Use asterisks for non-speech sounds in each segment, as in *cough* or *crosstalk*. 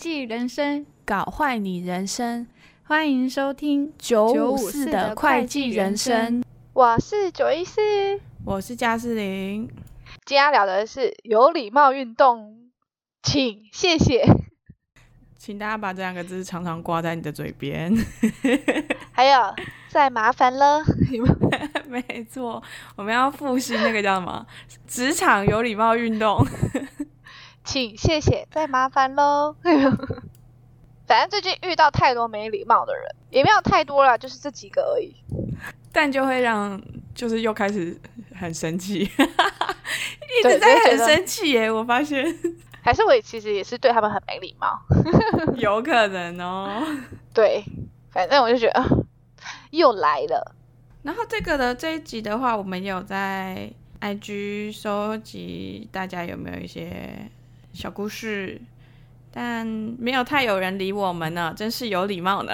計人生搞壞你人生，歡迎收聽九五四的會計人生。我是九一四，我是嘉思林。今天要聊的是有禮貌運動，請謝謝，請大家把這兩個字常常掛在你的嘴邊。 *laughs* 還有，再麻煩了。 *laughs* *laughs* 沒錯，我們要複習那個叫什麼？職場有禮貌運動。 *laughs* 請謝謝，再麻煩嘍。 *laughs* 反正最近遇到太多沒禮貌的人，也沒有太多啦，就是這幾個而已。但就會讓，就是又開始很生氣， *laughs* 一直在很生氣耶。我發現，還是我其實也是對他們很沒禮貌。 *laughs* 有可能哦。對，反正我就覺得又來了。然後這個的這一集的話，我們也有在 IG 收集大家有沒有一些。小故事，但沒有太有人理我們呢，真是有禮貌呢，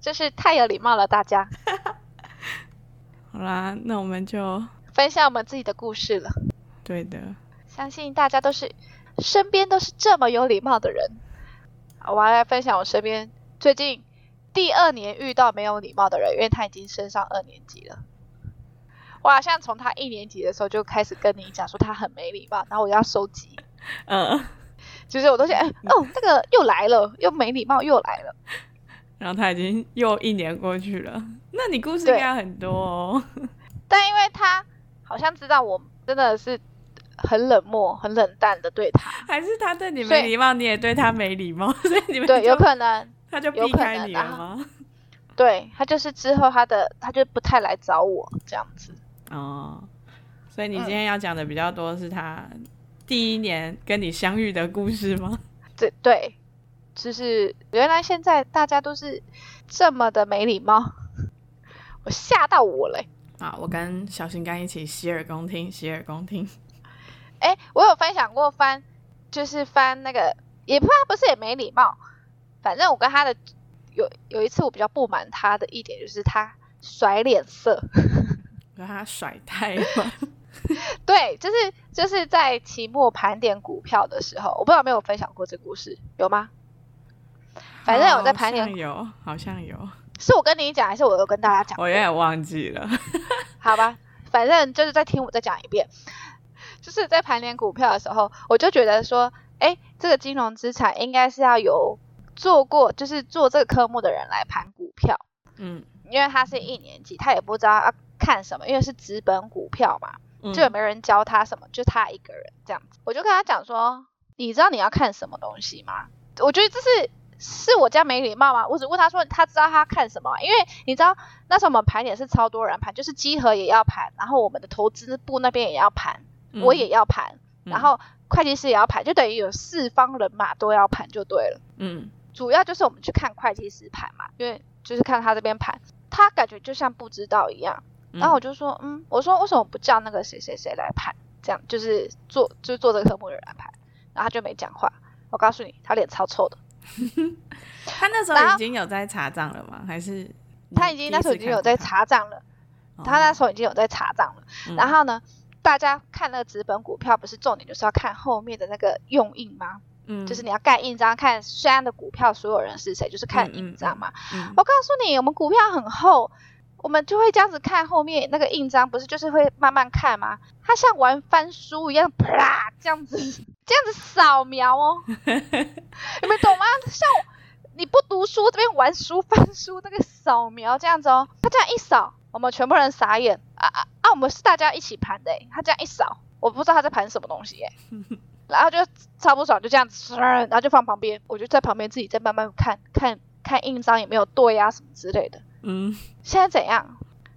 真 *laughs* *laughs* 是太有禮貌了，大家。 *laughs* 好啦，那我們就分享我們自己的故事了。對的，相信大家都是身邊都是這麼有禮貌的人。好，我要來分享我身邊最近第二年遇到沒有禮貌的人，因為他已經升上二年級了。哇！好像從他一年級的時候就開始跟你講說他很沒禮貌，然後我就要收集。嗯，其實我都想，哦，那、這個又來了，又沒禮貌又來了。然後他已經又一年過去了，那你故事應該很多哦。對 *laughs* 但因為他好像知道我真的是很冷漠、很冷淡的對他，還是他對你沒禮貌，以你也對他沒禮貌， *laughs* 所以你們對就有可能他就避開你了嗎？啊、 *laughs* 對，他就是之後他的他就不太來找我這樣子。哦，所以你今天要講的比較多是他第一年跟你相遇的故事嗎？對、嗯、對，就是原來現在大家都是這麼的沒禮貌，我嚇到我嘞、欸！啊，我跟小心肝一起洗耳恭聽，洗耳恭聽。哎、欸，我有分享過翻，就是翻那個，也不怕不是也沒禮貌，反正我跟他的有有一次我比較不滿他的一點就是他甩臉色。他甩胎了， *laughs* 對，就是就是在期末盤點股票的時候，我不知道有沒有分享過這個故事，有嗎？反正我在盤點，有好像有，好像有，是我跟你講，還是我有跟大家講？我有點忘記了， *laughs* 好吧，反正就是再聽我再講一遍，就是在盤點股票的時候，我就覺得說，誒，這個金融資產應該是要由做過，就是做這個科目的人來盤股票，嗯。因為他是一年級，他也不知道要看什麼，因為是紙本股票嘛，嗯、就沒人教他什麼，就他一個人這樣子。我就跟他講說：“你知道你要看什麼東西嗎？”我覺得這是是我家沒禮貌嗎？我只問他說他知道他看什麼，因為你知道那時候我們盤點是超多人盤，就是稽核也要盤，然後我們的投資部那邊也要盤，我也要盤，嗯、然後會計師也要盤，就等於有四方人馬都要盤就對了。嗯，主要就是我們去看會計師盤嘛，因為就是看他這邊盤。.他感覺就像不知道一樣，然後我就說，嗯，嗯，我說為什麼不叫那個誰誰誰來排？這樣就是做就是做這個科目的人來排，然後他就沒講話。我告訴你，他臉超臭的。 *laughs* 他那時候已經有在查賬了嗎？然後，還是他，他已經那時候已經有在查賬了？哦、他那時候已經有在查賬了。然後呢，嗯、大家看那個紙本股票，不是重點就是要看後面的那個用印嗎？嗯，就是你要蓋印章，看誰的股票，所有人是誰，就是看印章嘛。嗯嗯嗯、我告訴你，我們股票很厚，我們就會這樣子看後面那個印章，不是就是會慢慢看嗎？它像玩翻書一樣，啪，這樣子，這樣子掃描哦。你們 *laughs* 懂嗎？像你不讀書，這邊玩書翻書那個掃描這樣子哦。他這樣一掃，我們全部人傻眼啊啊啊！我們是大家一起盤的、欸，他這樣一掃，我不知道他在盤什麼東西耶、欸。 *laughs* 然後就差不多，就這樣子，然後就放旁邊，我就在旁邊自己再慢慢看看看印章有沒有對啊什麼之類的。嗯，現在怎樣？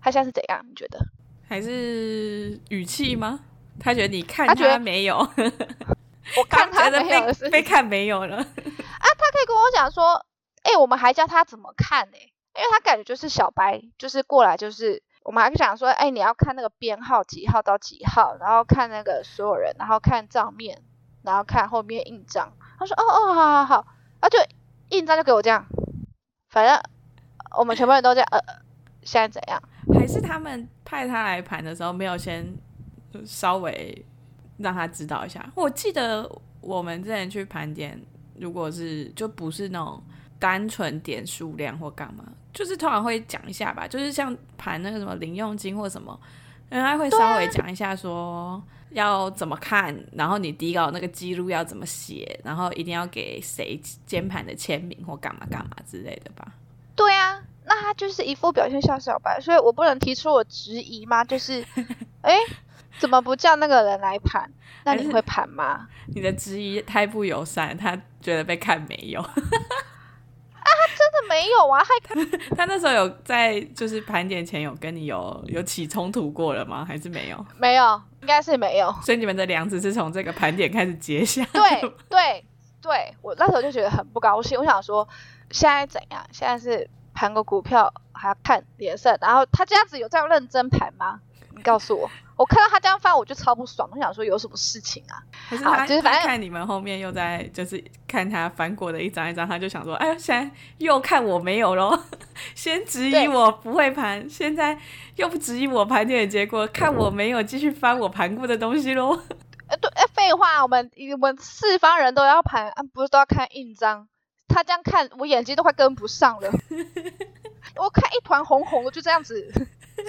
他現在是怎樣？你覺得？還是語氣嗎？嗯、他覺得你看他沒有？覺得 *laughs* 我看他沒有的被，被看沒有了。啊，他可以跟我講說，哎、欸，我們還教他怎麼看呢？因為他感覺就是小白，就是過來就是，我們還講說，哎、欸，你要看那個編號幾號到幾號，然後看那個所有人，然後看賬面。然後看後面印章，他說：“哦哦，好，好，好，啊，就印章就給我這樣，反正我們全部人都這樣， *laughs* 呃，現在怎樣？還是他們派他來盤的時候沒有先稍微讓他知道一下？我記得我們之前去盤點，如果是就不是那種單純點數量或幹嘛，就是通常會講一下吧，就是像盤那個什麼零用金或什麼，應該會稍微講一下說。啊”要怎麼看？然後你底稿那個記錄要怎麼寫？然後一定要給誰監盤的簽名或幹嘛幹嘛之類的吧？對啊，那他就是一副表現像小白，所以我不能提出我質疑嗎？就是，哎， *laughs* 怎麼不叫那個人來盤？那你會盤嗎？你的質疑太不友善，他覺得被看沒有。 *laughs* 啊，他真的沒有啊！他他,他那時候有在，就是盤點前有跟你有有起衝突過了嗎？還是沒有？沒有，應該是沒有。所以你們的梁子是從這個盤點開始結下。 *laughs* 對對對，我那時候就覺得很不高興。我想說，現在怎樣？現在是盤個股票還要看臉色，然後他這樣子有在認真盤嗎？你告訴我。我看到他這樣翻，我就超不爽。我想說，有什麼事情啊？可是他就是看你們後面又在，就是看他翻過的一張一張，他就想說，哎，現在又看我沒有咯，先質疑我不會盤，對現在又不質疑我盤點的結果，看我沒有繼續翻我盤過的東西咯。哎，對，哎，廢話，我們我們四方人都要盤，不是都要看印章？他這樣看，我眼睛都快跟不上了。 *laughs* 我看一團紅紅的，就這樣子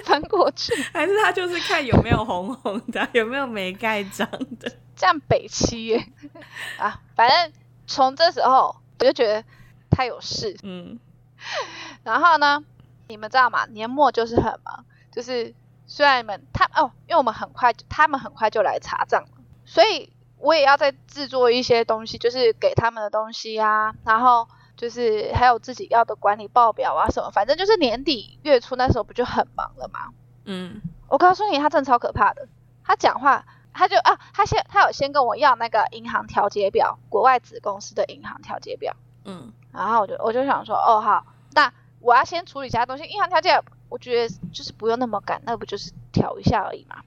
翻過去， *laughs* 還是他就是看有沒有紅紅的， *laughs* 有沒有沒蓋章的，這樣北七耶 *laughs* 啊。反正從這時候我就覺得他有事，嗯。 *laughs* 然後呢，你們知道嗎？年末就是很忙，就是雖然你們他們哦，因為我們很快，他們很快就來查賬了，所以我也要再制作一些東西，就是給他們的東西啊，然後。就是還有自己要的管理報表啊什麼，反正就是年底月初那時候不就很忙了嗎？嗯，我告訴你，他真的超可怕的。他講話，他就啊，他先他有先跟我要那個銀行調節表，國外子公司的銀行調節表。嗯，然後我就我就想說，哦好，那我要先處理其他東西。銀行調節，我覺得就是不用那麼趕，那不就是調一下而已嘛。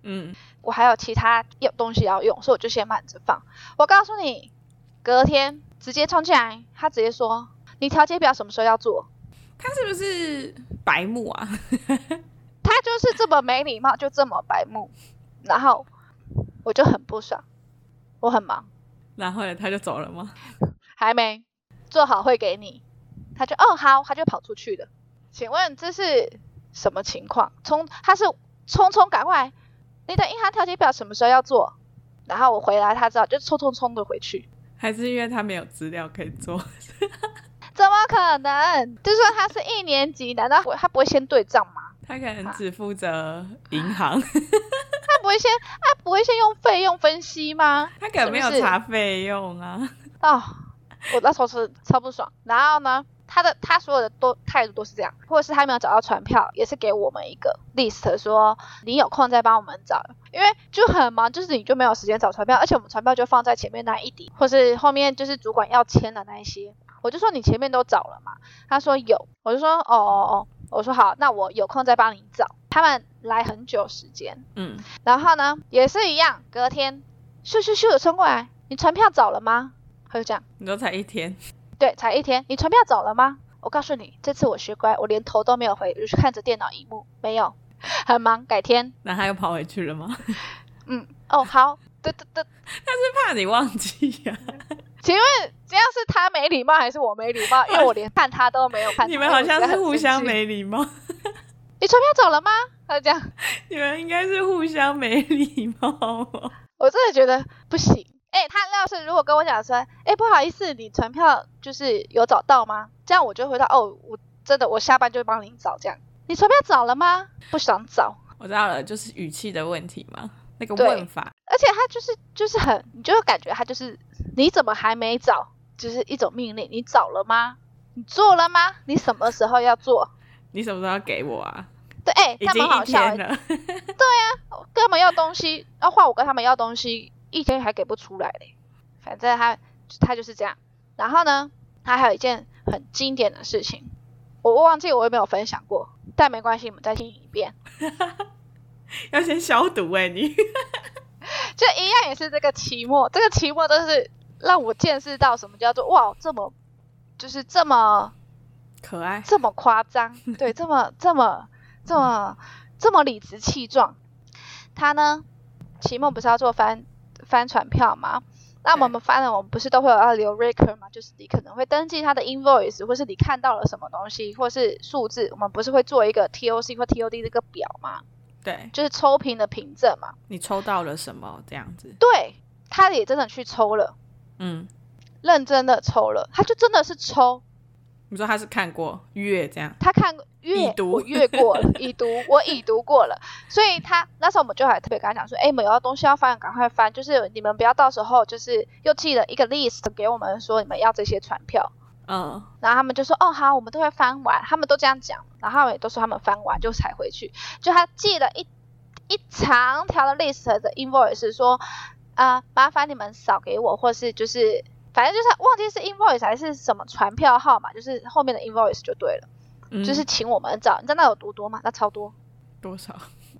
嗯，我還有其他要東西要用，所以我就先慢着放。我告訴你，隔天。直接衝進來，他直接說：“你調節表什麼時候要做？”他是不是白目啊？ *laughs* 他就是這麼沒禮貌，就這麼白目。然後我就很不爽，我很忙。然後呢，他就走了嗎？還沒做好會給你。他就哦好，他就跑出去了。請問這是什麼情況？衝他是匆匆趕過來，你的銀行調節表什麼時候要做？然後我回來，他知道就匆匆匆的回去。還是因為他沒有資料可以做， *laughs* 怎麼可能？就算他是一年級，難道他不會先對賬嗎？他可能只負責銀行， *laughs* 他不會先他不會先用費用分析嗎？他可能沒有查費用啊。是是哦，我那時候是超不爽，然後呢？他的他所有的都態度都是這樣，或者是他沒有找到傳票，也是給我們一個 list 說你有空再幫我們找，因為就很忙，就是你就沒有時間找傳票，而且我們傳票就放在前面那一疊，或是後面就是主管要簽的那些，我就說你前面都找了嘛，他說有，我就說哦哦哦，我說好，那我有空再幫你找。他們來很久時間，嗯，然後呢也是一樣，隔天咻咻咻的衝過來，你傳票找了嗎？他就這樣，你都才一天。對，才一天，你傳票走了嗎？我告訴你，這次我學乖，我連頭都沒有回，就是看着電腦螢幕，沒有，很忙，改天。那他又跑回去了嗎？ *laughs* 嗯，哦，好，對對對，對他是怕你忘記呀、啊。 *laughs* 請問這樣是他沒禮貌，還是我沒禮貌？ *laughs* 因為我連看他都沒有看。 *laughs* 你們好像是互相沒禮貌。 *laughs* 你傳票走了嗎？他就這樣， *laughs* 你們應該是互相沒禮貌。 *laughs* 我真的覺得不行。哎、欸，他要是如果跟我講說，哎、欸，不好意思，你傳票就是有找到嗎？這樣我就回答，哦，我真的，我下班就幫你找。這樣，你傳票找了嗎？不想找。我知道了，就是語氣的問題嘛，那個問法。而且他就是就是很，你就會感覺他就是，你怎麼還沒找？就是一種命令。你找了嗎？你做了嗎？你什麼時候要做？你什麼時候要給我啊？對，哎、欸，蠻好笑的、欸。 *laughs* 對呀、啊，跟他們要東西，要換我跟他們要東西。啊一天還給不出來嘞，反正他他就是這樣。然後呢，他還有一件很經典的事情，我忘記我有沒有分享過，但沒關係，我們再聽一遍。 *laughs* 要先消毒哎、欸，你 *laughs* 。這一樣也是這個期末，這個期末都是讓我見識到什麼叫做哇，這麼就是這麼可愛，這麼誇張， *laughs* 對，這麼這麼這麼這麼理直氣壯。他呢，期末不是要做翻？翻船票嘛，那我們翻了，對我們不是都會有要留 record 嗎？就是你可能會登記他的 invoice，或是你看到了什麼東西，或是數字，我們不是會做一個 T O C 或 T O D 這個表嗎？對，就是抽憑的憑證嘛。你抽到了什麼？這樣子？對，他也真的去抽了，嗯，認真的抽了，他就真的是抽。你說他是看過閱這樣，他看閱越讀，閱過已 *laughs* 讀，我已讀過了。所以他那時候我們就還特別跟他講說：“哎、欸，有要東西要翻，趕快翻。”就是你們不要到時候就是又寄了一個 list 給我們說你們要這些傳票。嗯，然後他們就說：“哦，好，我們都會翻完。”他們都這樣講，然後也都說他們翻完就才回去。就他寄了一一長條的 list 的 invoice 說：“啊、呃，麻煩你們掃給我，或是就是。”反正就是忘記是 invoice 還是什麼傳票號碼，就是後面的 invoice 就對了。嗯、就是請我們找，你知道那有多多嗎？那超多，多少？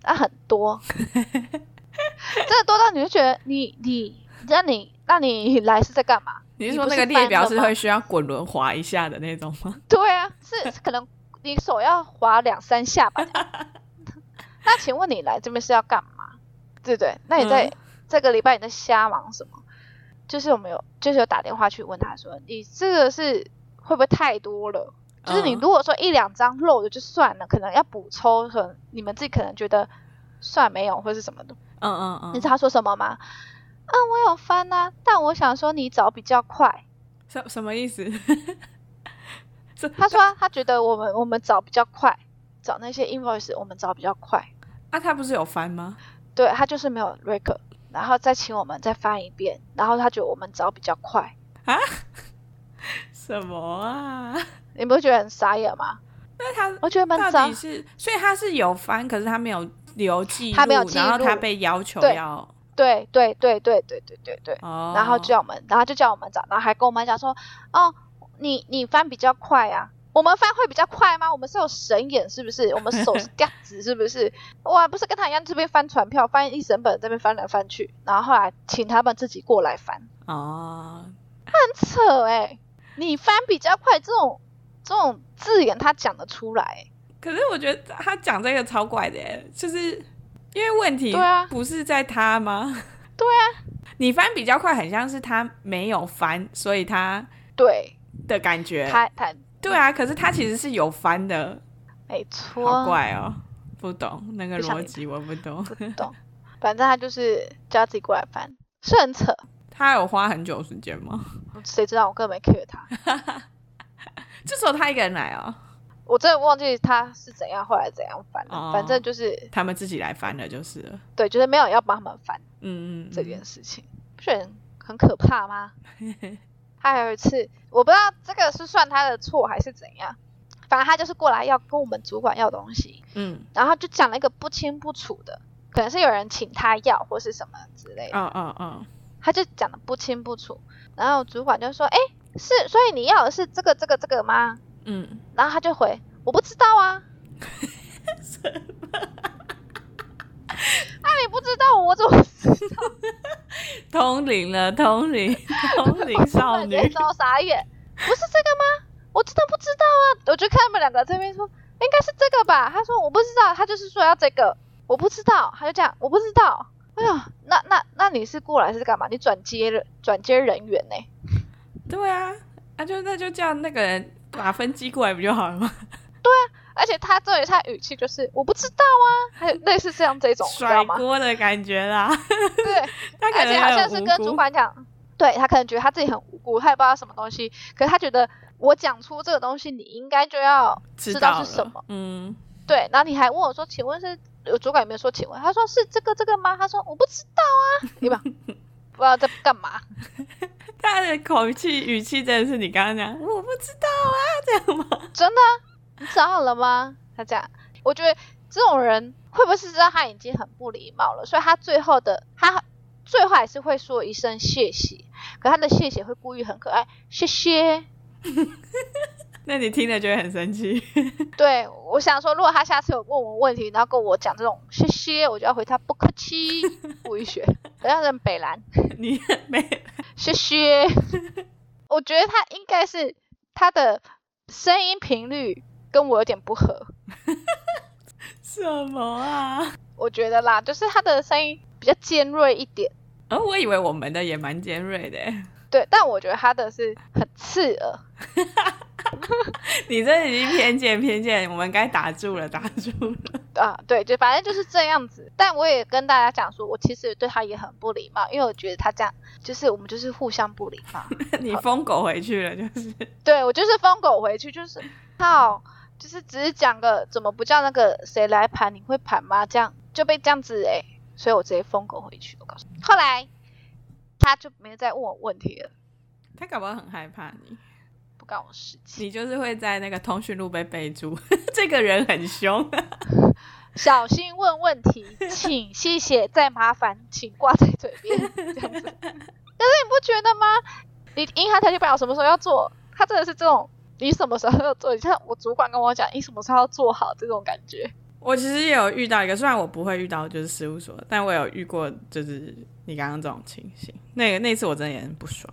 那、啊、很多， *laughs* 真的多到你就覺得你你，你，那你那你來是在幹嘛？你是說那個列表是會需要滾輪滑一下的那種嗎？對啊是，是可能你手要滑兩三下吧。 *laughs* 那請問你來這邊是要幹嘛？對不對？那你在、嗯、這個禮拜你在瞎忙什麼？就是我們有，就是有打電話去問他說：“你這個是會不會太多了？Uh, 就是你如果說一兩張漏的就算了，可能要補抽和你們自己可能覺得算沒有或是什麼的。”嗯嗯嗯，你知道他說什麼嗎？嗯、啊，我有翻吶、啊，但我想說你找比較快，什什麼意思？ *laughs* 他說、啊、他覺得我們我們找比較快，找那些 invoice 我們找比較快。啊，他不是有翻嗎？對，他就是沒有 record。然後再請我們再翻一遍，然後他覺得我們找比較快啊？什麼啊？你不覺得很傻眼嗎？那他我覺得很早到底是，所以他是有翻，可是他沒有留記錄，他沒有記錄然後他被要求要對對對對對對對對，然後叫我們，然後就叫我們找，然後還跟我們講說哦，你你翻比較快啊。我們翻會比較快嗎？我們是有神眼，是不是？我們手是這樣子，是不是？ *laughs* 哇，不是跟他一樣，這邊翻傳票，翻一神本，這邊翻來翻去，然後後來請他們自己過來翻啊，哦，很扯哎、欸！你翻比較快，這種這種字眼他講得出來，可是我覺得他講這個超怪的耶，就是因為問題啊，不是在他嗎？對啊， *laughs* 你翻比較快，很像是他沒有翻，所以他的的感覺，他他。他對啊，可是他其實是有翻的，沒錯錯。好怪哦，不懂那個邏輯，我不懂。不，不懂， *laughs* 反正他就是叫他自己過來翻，是很扯。他有花很久時間嗎？誰知道，我根本沒 cue 他。這時候他一個人來哦，我真的忘記他是怎樣後來怎樣翻了。哦，反正就是他們自己來翻了，就是。對，就是沒有要幫他們翻。嗯嗯，這件事情不是很很可怕嗎？ *laughs* 他還有一次，我不知道這個是算他的錯還是怎樣，反正他就是過來要跟我們主管要東西，嗯，然後他就講了一個不清不楚的，可能是有人請他要或是什麼之類的，嗯嗯嗯，他就講的不清不楚，然後主管就說：“欸，是，所以你要的是這個這個這個嗎？”嗯，然後他就回：“我不知道啊。 *laughs* ”知道我怎麼知道？ *laughs* 通靈了，通靈，通靈少女。招傻眼，不是這個嗎？我真的不知道啊！我就看他們兩個在這邊說，應該是這個吧。他說我不知道，他就是說要這個，我不知道。他就這樣。我不知道。哎呀，那那那你是過來是幹嘛？你轉接轉接人員呢、欸？對啊，啊就那就叫那個人打分機過來不就好了嗎？ *laughs* 對啊。而且他對於他語氣就是我不知道啊，還有類似這樣這種嗎甩鍋的感覺啦。 *laughs* 對，他感可覺好像是跟主管講，對他可能覺得他自己很無辜，他也不知道什麼東西，可是他覺得我講出這個東西，你應該就要知道是什麼。嗯，對。然後你還問我說，請問是有主管有沒有說，請問？他說是這個這個嗎？他說我不知道啊，你吧？ *laughs* 不知道在幹嘛？他的口氣語氣真的是你剛剛講，我不知道啊，這樣嗎？真的。你找好了嗎？他這樣，我覺得這種人會不會是知道他已經很不禮貌了，所以他最後的他最後還是會說一聲謝謝，可他的謝謝會故意很可愛，謝謝。 *laughs* 那你聽了就會很生氣。對，我想說，如果他下次有問我問題，然後跟我講這種謝謝，我就要回他不客氣，故意學。我要認北蘭，你沒謝謝。我覺得他應該是他的聲音頻率。跟我有點不合， *laughs* 什麼啊？我覺得啦，就是他的聲音比較尖銳一點。哦，我以為我們的也蠻尖銳的。對，但我覺得他的是很刺耳。 *laughs* 你這已經偏見偏見，我們該打住了打住了。住了啊，對就反正對，就反正就是這樣子。但我也跟大家講說，我其實對他也很不禮貌，因為我覺得他這樣，就是我們就是互相不禮貌。 *laughs* 你瘋狗回去了，就是。 *laughs* 對，我就是瘋狗回去，就是好。就是只是講個，怎麼不叫那個誰來盤？你會盤嗎？這樣就被這樣子哎、欸，所以我直接瘋狗回去。我告訴你，後來他就沒再問我問題了。他搞不好很害怕你不告我事情。你就是會在那個通訊錄被備註， *laughs* 這個人很兇，啊，小心問問題，請謝謝 *laughs* 再麻煩、請掛在嘴邊這樣子。但 *laughs* 是你不覺得嗎？你銀行調節表什麼時候要做？他真的是這種。你什麼時候要做？你看我主管跟我講，你什麼時候要做好這種感覺？我其實也有遇到一個，雖然我不會遇到就是事務所，但我有遇過就是你剛剛這種情形。那個那次我真的也很不爽。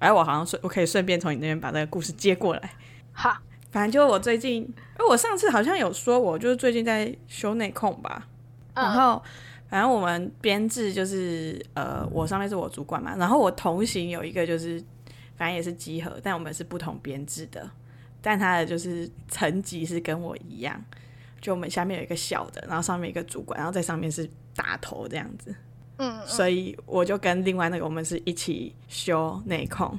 哎，我好像順我可以順便從你那邊把那個故事接過來。好，反正就我最近，哎，我上次好像有說我，我就是最近在修內控吧。然後，嗯，反正我們編制就是呃，我上面是我主管嘛，然後我同行有一個就是。反正也是集合，但我們是不同編制的，但他的就是層級是跟我一樣，就我們下面有一個小的，然後上面有一個主管，然後在上面是大頭這樣子。嗯，所以我就跟另外那個我們是一起修內控，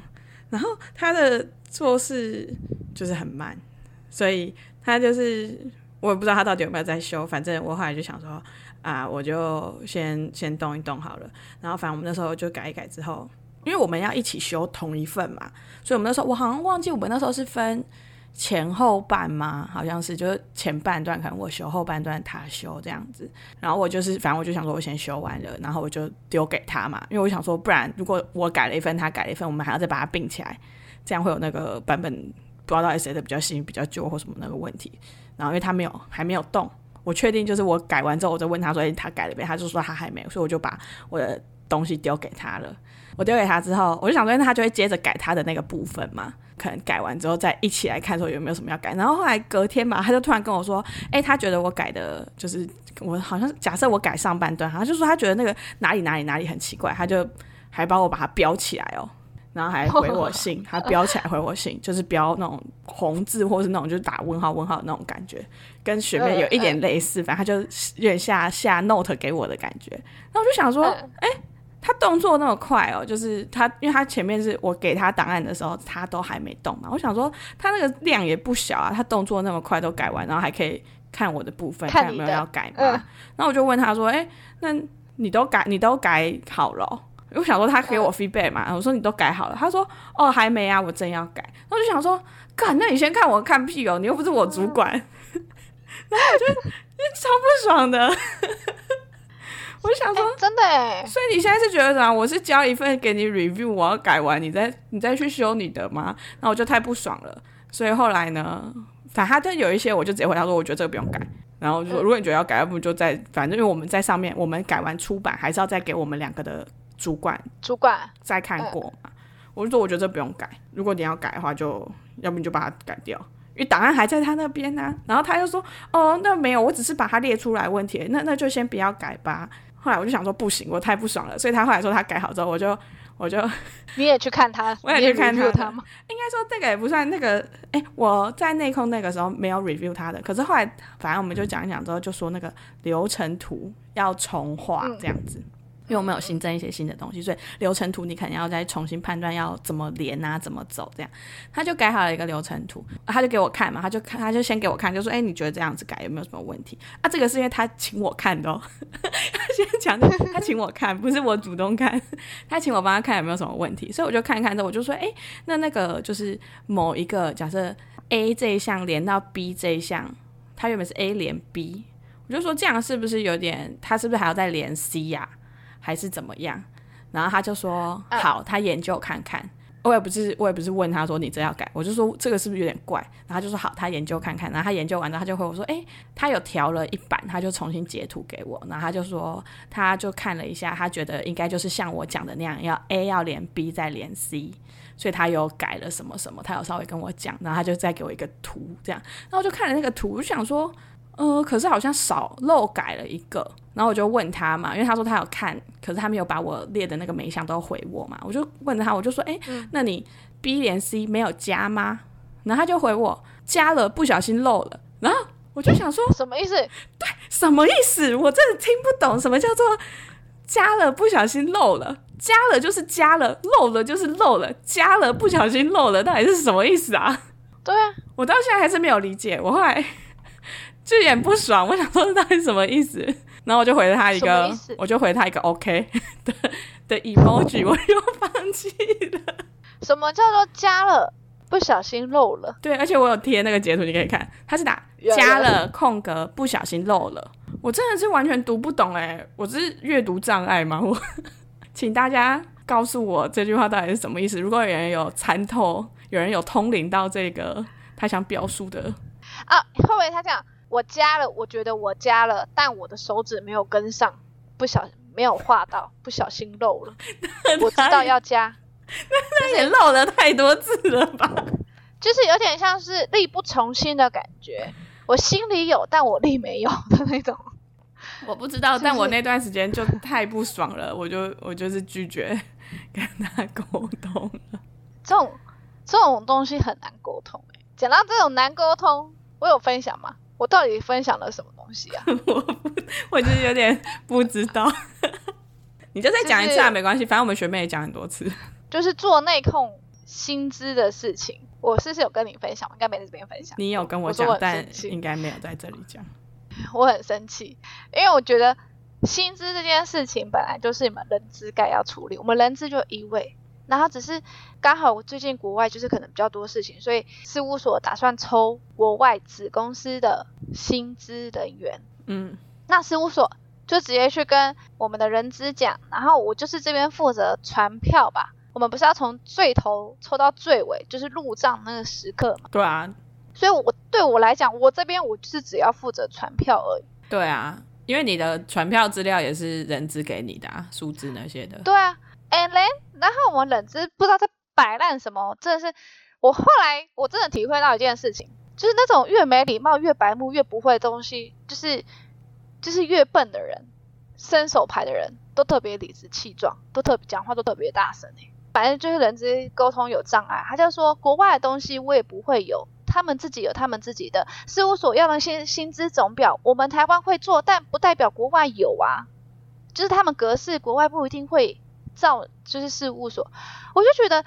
然後他的做事就是很慢，所以他就是，我也不知道他到底有沒有在修，反正我後來就想說啊，我就先先動一動好了，然後反正我們那時候就改一改之後。因為我們要一起修同一份嘛，所以我們那時候我好像忘記我們那時候是分前後半嘛，好像是就是前半段可能我修，後半段他修這樣子。然後我就是反正我就想說我先修完了，然後我就丟給他嘛，因為我想說不然如果我改了一份，他改了一份，我們還要再把它併起來，這樣會有那個版本不知道是誰的比較新、比較舊或什麼那個問題。然後因為他沒有還沒有動，我確定就是我改完之後，我再問他說，欸，他改了沒？他就說他還沒有，所以我就把我的東西丟給他了。我丟給他之後，我就想說那他就會接着改他的那個部分嘛，可能改完之後再一起來看說有沒有什麼要改。然後後來隔天嘛，他就突然跟我說：“哎、欸，他覺得我改的，就是我好像假設我改上半段，他就說他覺得那個哪裡哪裡哪裡很奇怪，他就還幫我把它標起來哦，然後還回我信，他標起來回我信，就是標那種紅字或者是那種就是打問號問號的那種感覺，跟學妹有一點類似，反正他就有點下下 note 給我的感覺。然後我就想說，哎、欸。”他動作那麼快哦、喔，就是他，因為他前面是我給他檔案的時候，他都還沒動嘛。我想說他那個量也不小啊，他動作那麼快都改完，然後還可以看我的部分，看有沒有要改嘛。嗯、然後我就問他說：“哎、欸，那你都改，你都改好了、喔？”我想說他給我 feedback 嘛，嗯、我說你都改好了。他說：“哦，還沒啊，我真要改。”然後我就想說：“幹，那你先看我看屁哦、喔，你又不是我主管。 *laughs* ”然後我就你超不爽的。 *laughs* 我想說、欸、真的，所以你現在是覺得啥？我是交一份給你 review，我要改完你再你再去修你的嗎？那我就太不爽了。所以後來呢，反正他就有一些我就直接回答說，我覺得這個不用改。然後就如果你覺得要改，要不、嗯、就在反正因為我們在上面，我們改完初版還是要再給我們兩個的主管主管再看過嘛。嗯、我就說我覺得這個不用改，如果你要改的話就，就要不然你就把它改掉，因為檔案還在他那邊呢、啊。然後他又說哦，那沒有，我只是把它列出來問題，那那就先不要改吧。後來我就想說不行，我太不爽了，所以他後來說他改好之後我，我就我就你也去看他，我也去看他，他應該說這個也不算那個，誒、欸，我在內控那個時候沒有 review 他的，可是後來反正我們就講一講之後，就說那個流程圖要重畫這樣子。嗯因為我們有新增一些新的東西，所以流程圖你肯定要再重新判斷要怎麼連啊，怎麼走這樣。他就改好了一個流程圖，啊、他就給我看嘛，他就看，他就先給我看，就是、說：“哎、欸，你覺得這樣子改有沒有什麼問題？”啊，這個是因為他請我看的哦、喔， *laughs* 他先講，他請我看，不是我主動看，他請我幫他看有沒有什麼問題，所以我就看看，這我就說：“哎、欸，那那個就是某一個假設 A 這一項連到 B 這一項，他原本是 A 連 B，我就說這樣是不是有點，他是不是還要再連 C 呀、啊？”還是怎麼樣？然後他就說好，他研究看看。我也不是，我也不是問他說你這要改？我就說這個是不是有點怪？然後他就說好，他研究看看。然後他研究完之後，他就回我說，誒、欸，他有調了一版，他就重新截圖給我。然後他就說，他就看了一下，他覺得應該就是像我講的那樣，要 A 要連 B 再連 C，所以他有改了什麼什麼。他有稍微跟我講，然後他就再給我一個圖，這樣。然後我就看了那個圖，就想說。呃，可是好像少漏改了一個，然後我就問他嘛，因為他說他有看，可是他沒有把我列的那個每項都回我嘛，我就問他，我就說，哎、欸，那你 B 連 C 沒有加嗎？然後他就回我加了，不小心漏了。然後我就想說，什麼意思？對，什麼意思？我真的聽不懂什麼叫做加了不小心漏了，加了就是加了，漏了就是漏了，加了不小心漏了，到底是什麼意思啊？對啊，我到現在還是沒有理解，我後來……這眼不爽，我想說到底什麼意思？然後我就回了他一個，我就回他一個 OK 的的 emoji，我又放棄了。什麼叫做加了不小心漏了？對，而且我有貼那個截圖，你可以看，他是打加了空格，不小心漏了。我真的是完全讀不懂哎、欸，我這是閱讀障礙嗎？我，請大家告訴我這句話到底是什麼意思？如果有人有參透，有人有通靈到這個他想表述的啊，Oh, 後面他講。我加了，我覺得我加了，但我的手指沒有跟上，不小心沒有畫到，不小心漏了。 *laughs* 他我知道要加，那也漏了太多字了吧？就是有點像是力不從心的感覺，我心裡有，但我力沒有的那種。 *laughs* 就是，我不知道，但我那段時間就太不爽了，我就我就是拒絕跟他溝通了。這種這種東西很難溝通誒、欸，講到這種難溝通，我有分享嗎？我到底分享了什麼東西啊？我 *laughs* 我就是有點不知道， *laughs* *laughs* 你就再講一次啊，就是、沒關係，反正我們學妹也講很多次。就是做內控薪資的事情，我是不是有跟你分享？我應該沒在這邊分享。你有跟我講，我我但應該沒有在這裡講。 *laughs* 我很生氣，因為我覺得薪資這件事情本來就是你們人資該要處理，我們人資就一位。然後只是剛好我最近國外就是可能比較多事情，所以事務所打算抽國外子公司的薪資人員。嗯，那事務所就直接去跟我們的人資講，然後我就是這邊負責傳票吧。我們不是要從最頭抽到最尾，就是入賬那個時刻嘛？對啊，所以我對我來講，我這邊我就是只要負責傳票而已。對啊，因為你的傳票資料也是人資給你的啊，數字那些的。對啊，and then。然後我們人資不知道在擺爛什麼，真的是我後來我真的體會到一件事情，就是那種越沒禮貌、越白目、越不會的東西，就是就是越笨的人，伸手牌的人都特別理直氣壯，都特講話都特別大聲，反正就是人資溝通有障礙。他就說國外的東西我也不會有，他們自己有他們自己的。事務所要的薪薪資總表，我們台灣會做，但不代表國外有啊，就是他們格式國外不一定會。造就是事務所，我就覺得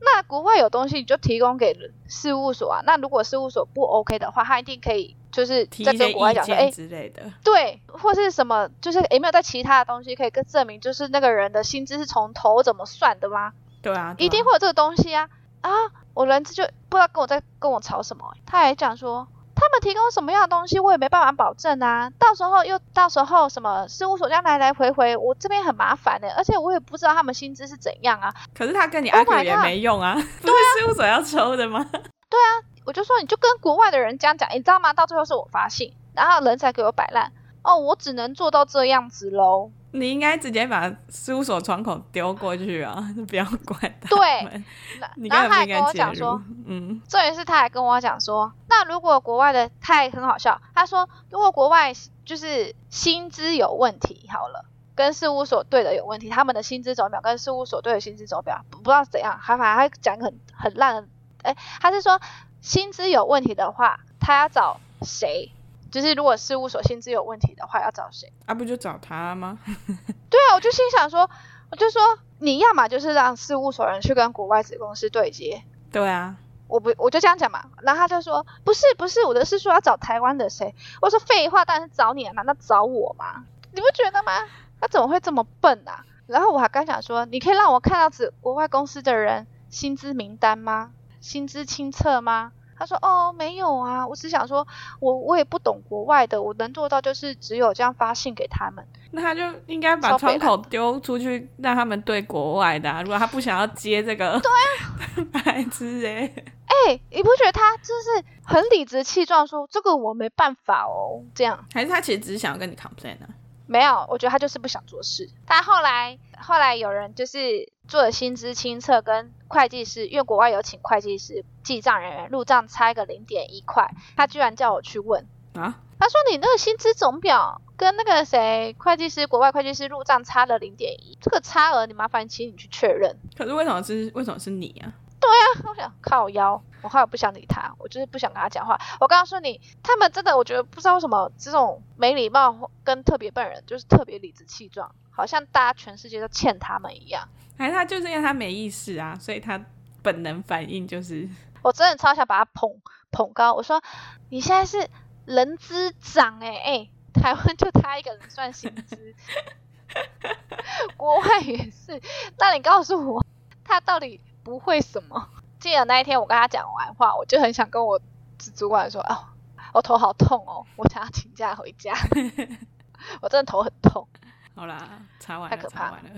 那國外有東西你就提供給事務所啊。那如果事務所不 OK 的話，他一定可以就是在跟國外講說，哎之類的、欸，對，或是什麼就是也、欸、沒有在其他的東西可以更證明，就是那個人的薪資是從頭怎麼算的嗎？對啊，對啊一定會有這個東西啊啊！我人資就不知道跟我在跟我吵什麼、欸，他還講說。他們提供什麼樣的東西，我也沒辦法保證啊。到時候又到時候什麼事務所這樣來來回回，我這邊很麻煩的，欸，而且我也不知道他們薪資是怎樣啊。可是他跟你阿可也沒用啊，對，oh，不是事務所要抽的嗎？對，啊。對啊，我就說你就跟國外的人這樣講，欸，你知道嗎？到最後是我發信，然後人才給我擺爛。哦，我只能做到這樣子嘍。你應該直接把事務所窗口丟過去啊！你 *laughs* 不要管他。對，你剛剛然後他還跟我講說，嗯，重點是他還跟我講說，那如果國外的，他也很好笑，他說如果國外就是薪資有問題，好了，跟事務所對的有問題，他們的薪資總表跟事務所對的薪資總表不知道怎樣，還反正他講很很爛，哎、欸，他是說薪資有問題的話，他要找誰？就是如果事務所薪資有問題的話，要找誰？啊，不就找他嗎？ *laughs* 對啊，我就心想說，我就說你要嘛，就是讓事務所人去跟國外子公司對接。對啊，我不，我就這樣講嘛。然後他就說，不是不是，我的是說要找台灣的誰。我說廢話，當然是找你，啊，難道找我嗎？你不覺得嗎？他怎麼會這麼笨啊？然後我還剛想說，你可以讓我看到子國外公司的人薪資名單嗎？薪資清冊嗎？他說：“哦，沒有啊，我只想說，我我也不懂國外的，我能做到就是只有這樣發信給他們。那他就應該把窗口丟出去，讓他們對國外的、啊。如果他不想要接這個，對啊， *laughs* 白痴哎、欸！哎、欸，你不覺得他就是很理直氣壯說 *laughs* 這個我沒辦法哦？這樣還是他其實只是想要跟你 complain 呢、啊？沒有，我覺得他就是不想做事。但後來。”後來有人就是做了薪資清冊跟會計師，因為國外有請會計師記賬人員入賬差個零點一塊，他居然叫我去問啊！他說你那個薪資總表跟那個誰會計師國外會計師入賬差了零點一，這個差額你麻煩請你去確認。可是為什麼是為什麼是你啊？對呀、啊，我想靠腰！我後來不想理他，我就是不想跟他講話。我告訴你，他們真的我覺得不知道為什麼這種沒禮貌跟特別笨人就是特別理直氣壯。好像大家全世界都欠他們一樣，反正他就是因為他沒意思啊，所以他本能反應就是，我真的超想把他捧捧高。我說你現在是人資長，欸，誒、欸、誒，台灣就他一個人算薪資， *laughs* 國外也是。那你告訴我，他到底不會什麼？記得那一天我跟他講完話，我就很想跟我主管說，哦，我頭好痛哦，我想要請假回家， *laughs* 我真的頭很痛。好啦，查完了，查完了，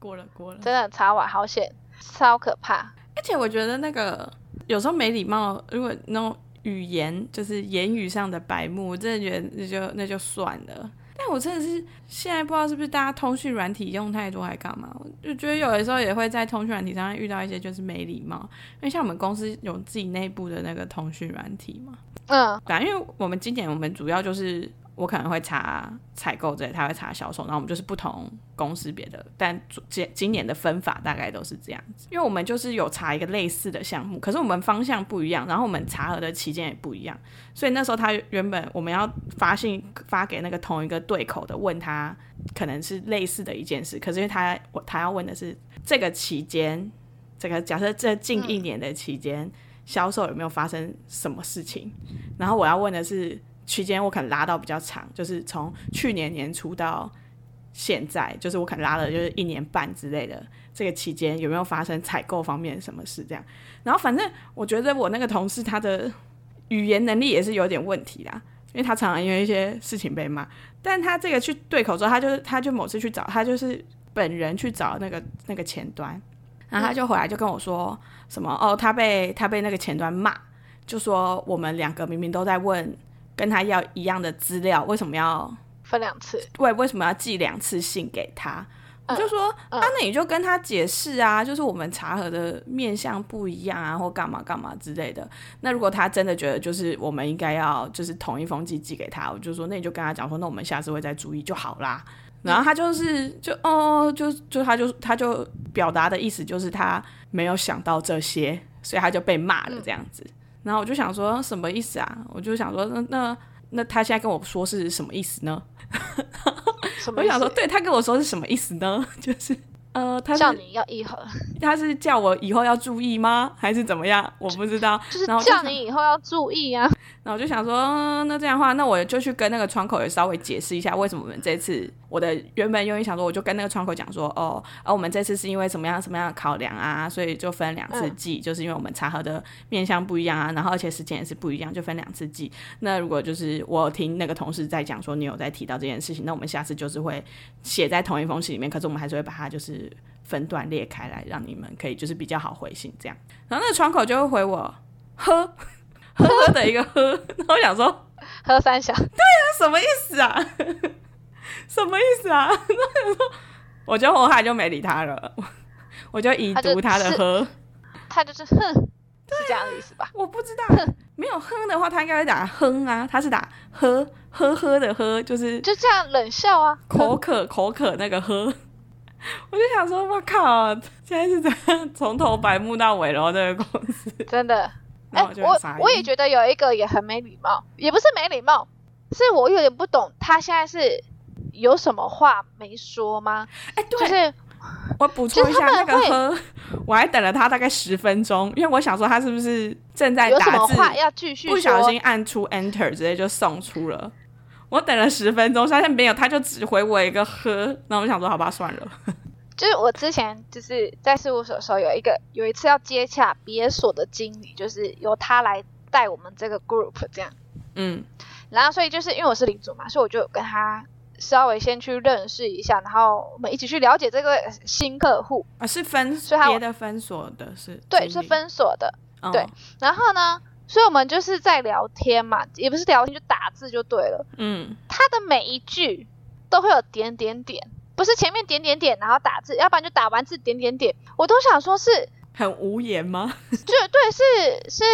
過 *laughs* 了，過了，過了，真的查完好險，超可怕。而且我覺得那個有時候沒禮貌，如果那種語言就是言語上的白目，我真的覺得那就那就算了。但我真的是現在不知道是不是大家通訊軟體用太多還幹嘛，我就覺得有的時候也會在通訊軟體上面遇到一些就是沒禮貌。因為像我們公司有自己內部的那個通訊軟體嘛，嗯，反正、啊、因為我們今年我們主要就是。我可能會查採購之類的，他會查銷售，然後我們就是不同公司別的，但今今年的分法大概都是這樣子，因為我們就是有查一個類似的項目，可是我們方向不一樣，然後我們查核的期間也不一樣，所以那時候他原本我們要發信發給那個同一個對口的，問他可能是類似的一件事，可是因為他他要問的是這個期間，這個假設這近一年的期間銷售有沒有發生什麼事情，然後我要問的是，期間我可能拉到比較長，就是從去年年初到現在，就是我可能拉了就是一年半之類的。這個期間有沒有發生採購方面什麼事？這樣，然後反正我覺得我那個同事他的語言能力也是有點問題啦，因為他常常因為一些事情被罵。但他這個去對口之後，他就他就某次去找他，就是本人去找那個那個前端，然後他就回來就跟我說什麼哦，他被他被那個前端罵，就說我們兩個明明都在問。跟他要一樣的資料，為什麼要分兩次？為為什麼要寄兩次信給他？嗯、我就說、嗯、啊，那你就跟他解釋啊，就是我們查核的面向不一樣啊，或幹嘛幹嘛之類的。那如果他真的覺得就是我們應該要就是同一封寄寄給他，我就說那你就跟他講說，那我們下次會再注意就好啦。然後他就是就哦，就就他就他就表達的意思就是他沒有想到這些，所以他就被罵了這樣子。嗯然後我就想說，什麼意思啊？我就想說，那那那他現在跟我說是什麼意思呢？ *laughs* 思我想說，對，他跟我說是什麼意思呢？就是。呃，他叫你要一盒，他是叫我以後要注意嗎？還是怎麼樣？就我不知道。然後叫你以後要注意啊。然後我就想說，那這樣的話，那我就去跟那個窗口也稍微解釋一下，為什麼我們這次我的原本用意想說，我就跟那個窗口講說，哦，而、哦、我們這次是因為什麼樣什麼樣的考量啊，所以就分兩次寄，嗯、就是因為我們查核的面向不一樣啊，然後而且時間也是不一樣，就分兩次寄。那如果就是我有聽那個同事在講說，你有在提到這件事情，那我們下次就是會寫在同一封信裡面，可是我們還是會把它就是。分段裂開來，讓你們可以就是比較好回信這樣。然後那個窗口就會回我“呵呵,呵的一個“呵”，然後我想說“呵三小”，對呀，什麼意思啊？什麼意思啊？那、啊、我想說，我就後來就沒理他了。我,我就已讀他的呵“呵、就是”，他就是“哼”，是這樣的意思吧？啊、我不知道，沒有“哼”的話，他應該會打“哼”啊，他是打呵“呵呵呵”的“呵”，就是就這樣冷笑啊，口渴，呵口渴那個“呵”。我就想說，我靠，現在是怎樣，從頭白目到尾，然後這個公司真的，哎、欸，我我也覺得有一個也很沒禮貌，也不是沒禮貌，是我有點不懂，他現在是有什麼話沒說嗎？哎、欸，對，就是我補充一下那個喝，我還等了他大概十分鐘，因為我想說他是不是正在打字，有什麼話要繼續？不小心按出 Enter，直接就送出了。我等了十分鐘，發現沒有，他就只回我一個呵，那我想說，好吧，算了。 *laughs* 就是我之前就是在事務所的時候，有一個有一次要接洽別所的經理，就是由他來帶我們這個 group 這樣。嗯，然後所以就是因為我是領主嘛，所以我就跟他稍微先去認識一下，然後我們一起去了解這個新客戶啊，是分別的分所的，是，對，是分所的，哦、對，然後呢？所以，我們就是在聊天嘛，也不是聊天，就打字就對了。嗯，他的每一句都會有點點點，不是前面點點點，然後打字，要不然就打完字點點點。我都想說是很無言嗎？ *laughs* 就對，是是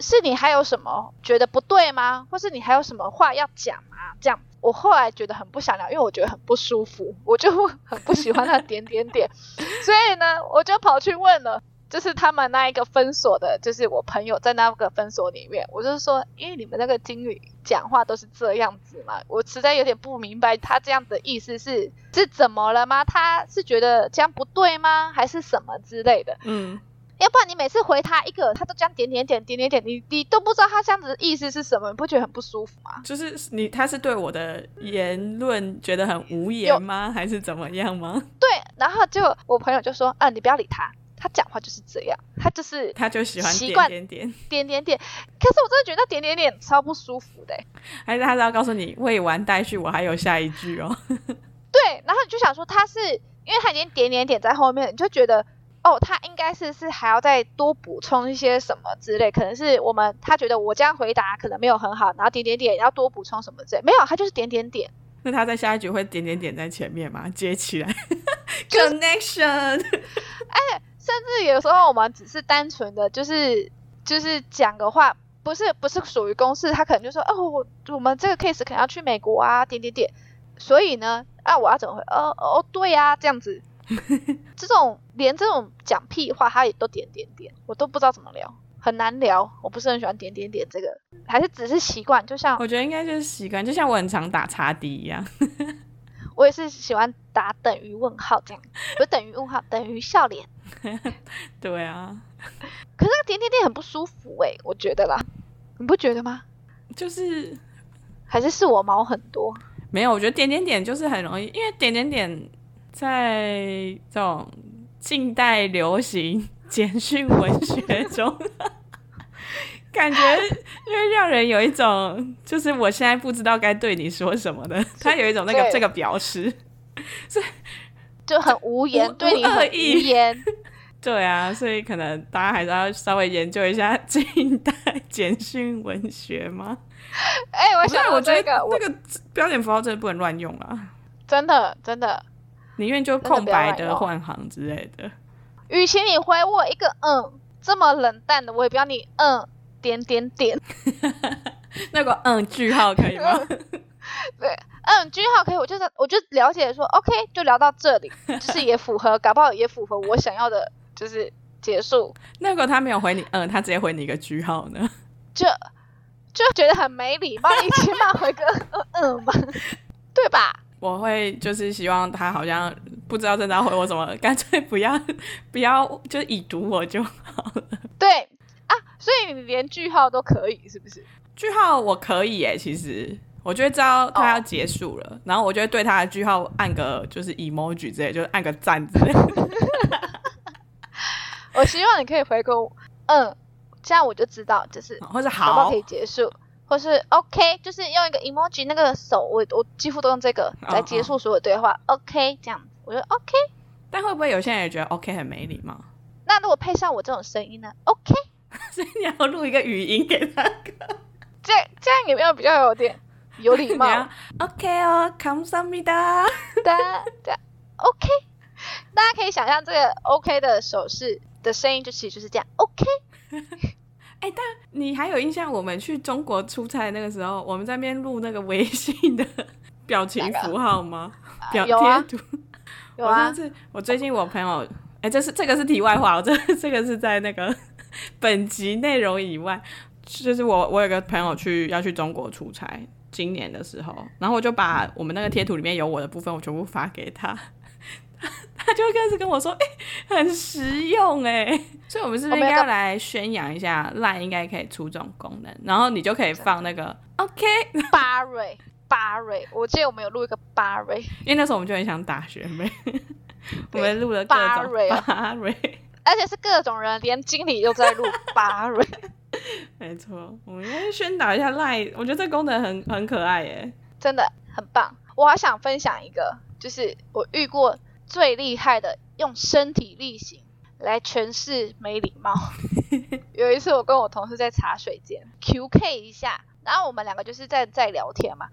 是，是你還有什麼覺得不對嗎？或是你還有什麼話要講嗎？這樣，我後來覺得很不想聊，因為我覺得很不舒服，我就很不喜歡他點點點， *laughs* 所以呢，我就跑去問了。就是他們那一個分所的，就是我朋友在那個分所裡面，我就是說，因為你們那個經理講話都是這樣子嘛，我實在有點不明白他這樣子的意思是是怎麼了嗎？他是覺得這樣不對嗎？還是什麼之類的？嗯，要不然你每次回他一個，他都這樣點點點點點點，你你都不知道他這樣子的意思是什麼，你不覺得很不舒服嗎？就是你他是對我的言論覺得很無言嗎？有還是怎麼樣嗎？對，然後就我朋友就說，啊，你不要理他。他講話就是這樣，他就是他就喜歡點點點點點點，可是我真的覺得點點點超不舒服的。還是他是要告訴你未完待續，我還有下一句哦。對，然後你就想說，他是因為他已經點點點在後面，你就覺得哦，他應該是是還要再多補充一些什麼之類，可能是我們他覺得我這樣回答可能沒有很好，然後點點點要多補充什麼之類，沒有，他就是點點點。那他在下一句會點點點在前面嗎？接起來 connection，哎。甚至有時候我們只是單純的就是就是講個話，不是不是屬於公式，他可能就說哦，我我們這個 case 可能要去美國啊，點點點。所以呢，啊，我要怎麼回？哦哦，對呀，啊，這樣子。這種連這種講屁話，他也都點點點，我都不知道怎麼聊，很難聊。我不是很喜歡點點點這個，還是只是習慣？就像我覺得應該就是習慣，就像我很常打叉 D 一樣。 *laughs* 我也是喜歡打等於問號這樣，不等於問號， *laughs* 等於笑臉。 *laughs* 對啊，可是那個點點點很不舒服誒、欸。我覺得啦，你不覺得嗎？就是還是是我毛很多，沒有，我覺得點點點就是很容易，因為點點點在這種近代流行簡訊文學中。 *laughs* 感覺，因為讓人有一種，就是我現在不知道該對你說什麼的。他是有一種那個對這個表示，所以就很無言，無對你很無言無。對啊，所以可能大家還是要稍微研究一下近代簡訊文學嗎？哎、欸，不是，我覺得這個標點符號真的不能亂用啊！真的真的，寧願就空白的換行之類的。與其你回我一個嗯，這麼冷淡的，我也不要你嗯。點點點， *laughs* 那個嗯句號可以嗎？ *laughs* 對，嗯句號可以。我就是，我就了解說，OK，就聊到這裡，就是也符合， *laughs* 搞不好也符合我想要的，就是結束。那個他沒有回你嗯，他直接回你一個句號呢，就就覺得很沒禮貌，你起碼回個嗯嘛 *laughs* 對吧？我會就是希望他好像不知道正在回我什麼，乾脆不要不要就已讀我就好了。對。啊，所以你連句號都可以，是不是？句號我可以哎、欸，其實我覺得知道他要結束了，oh. 然後我就會對他的句號按個就是 emoji 之類的，就按個讚之類的。 *laughs* *laughs* 我希望你可以回個嗯，這樣我就知道，就是或者好可以結束，或是 OK，就是用一個 emoji 那個手，我我幾乎都用這個來結束所有對話。Oh. OK，這樣我覺得 OK。但會不會有些人也覺得 OK 很沒禮貌？那如果配上我這種聲音呢？OK。 *laughs* 所以你要錄一個語音給他看這，這樣這樣有沒有比較有點有禮貌？ *laughs* 你要？OK 哦，Come on me 噠噠，OK，大家可以想象這個 OK 的手勢的聲音，就其實就是這樣 OK。哎、 *laughs* 欸，但，你還有印象？我們去中國出差的那個時候，我們在那邊錄那個微信的表情符號嗎？呃、表貼圖有啊，我上次、我最近我朋友哎、啊欸，這是這個是題外話、哦，我這個、這個是在那個。本集內容以外，就是我我有個朋友去要去中國出差，今年的時候，然後我就把我們那個貼圖裡面有我的部分，我全部發給他，他，他就開始跟我說：“哎、欸，很實用哎、欸！”所以，我們是不是應該要來宣揚一下，LINE 應該可以出這種功能，然後你就可以放那個 OK。巴瑞，巴瑞，我記得我們有錄一個巴瑞，因為那時候我們就很想打學妹， *laughs* 我們錄了各種巴瑞。而且是各種人，連經理都在錄八人 *laughs* 沒錯，我們應該先打一下賴。我覺得這功能很很可愛耶。真的很棒。我還想分享一個，就是我遇過最厲害的，用身體力行來詮釋沒禮貌。 *laughs* 有一次，我跟我同事在茶水間 Q K 一下，然後我們兩個就是在在聊天嘛，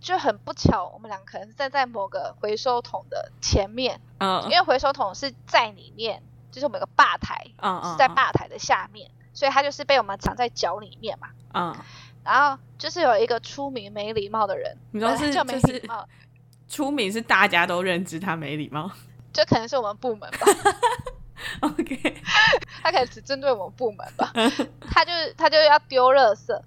就很不巧，我們兩個可能站在某個回收桶的前面，嗯，oh. 因為回收桶是在裡面。就是我們有個吧台，嗯、是在吧台的下面，嗯、所以他就是被我們藏在腳裡面嘛。嗯，然後就是有一個出名沒禮貌的人，你說是就是、就是、出名是大家都認知他沒禮貌，這可能是我們部門吧。 *laughs* OK， *laughs* 他可能只針對我們部門吧。 *laughs* 他就他就要丟樂色。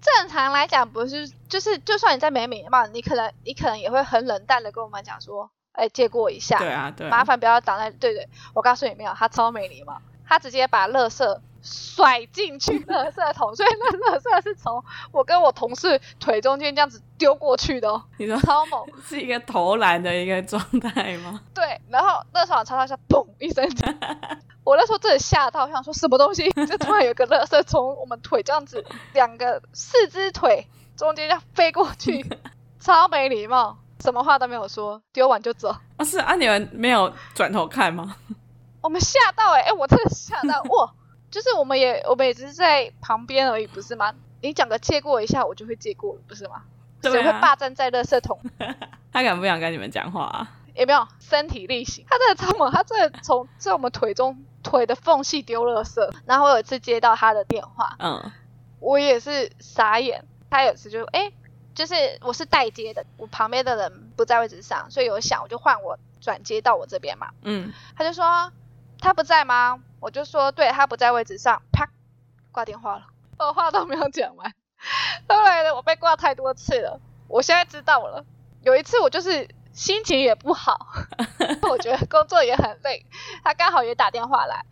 正常來講，不是就是就算你在沒禮貌，你可能你可能也會很冷淡的跟我們講說。哎，借過一下，對啊，對啊，麻煩不要擋在。對對，我告訴你沒有，他超沒禮貌，他直接把樂色甩進去樂色桶， *laughs* 所以那樂色是從我跟我同事腿中間這樣子丟過去的。哦，你說超猛，是一個投籃的一個狀態嗎？對，然後樂色桶插插下，嘣一聲， *laughs* 我那時候真的嚇到，我想說什麼東西？就突然有個樂色從我們腿這樣子，兩個四只腿中間這樣飛過去， *laughs* 超沒禮貌。什麼話都沒有說，丟完就走。不、哦、是啊，你們沒有轉頭看嗎？我們嚇到哎、欸、哎、欸，我真的嚇到哇！ *laughs* 就是我們也我們也只是在旁邊而已，不是嗎？你講個借過一下，我就會借過了，不是嗎？只、啊、會霸占在垃圾桶。 *laughs* 他敢不想跟你們講話、啊？也、欸、沒有身體力行，他真的超猛。他真的從 *laughs* 在我們腿中腿的縫隙丟垃圾。然後我有一次接到他的電話，嗯，我也是傻眼。他有一次就誒、欸就是我是代接的，我旁邊的人不在位置上，所以我想我就換我轉接到我這邊嘛。嗯，他就說他不在嗎？我就說對他不在位置上，啪掛電話了，我話都沒有講完。後來呢，我被掛太多次了，我現在知道了。有一次我就是心情也不好， *laughs* *laughs* 我覺得工作也很累，他剛好也打電話來，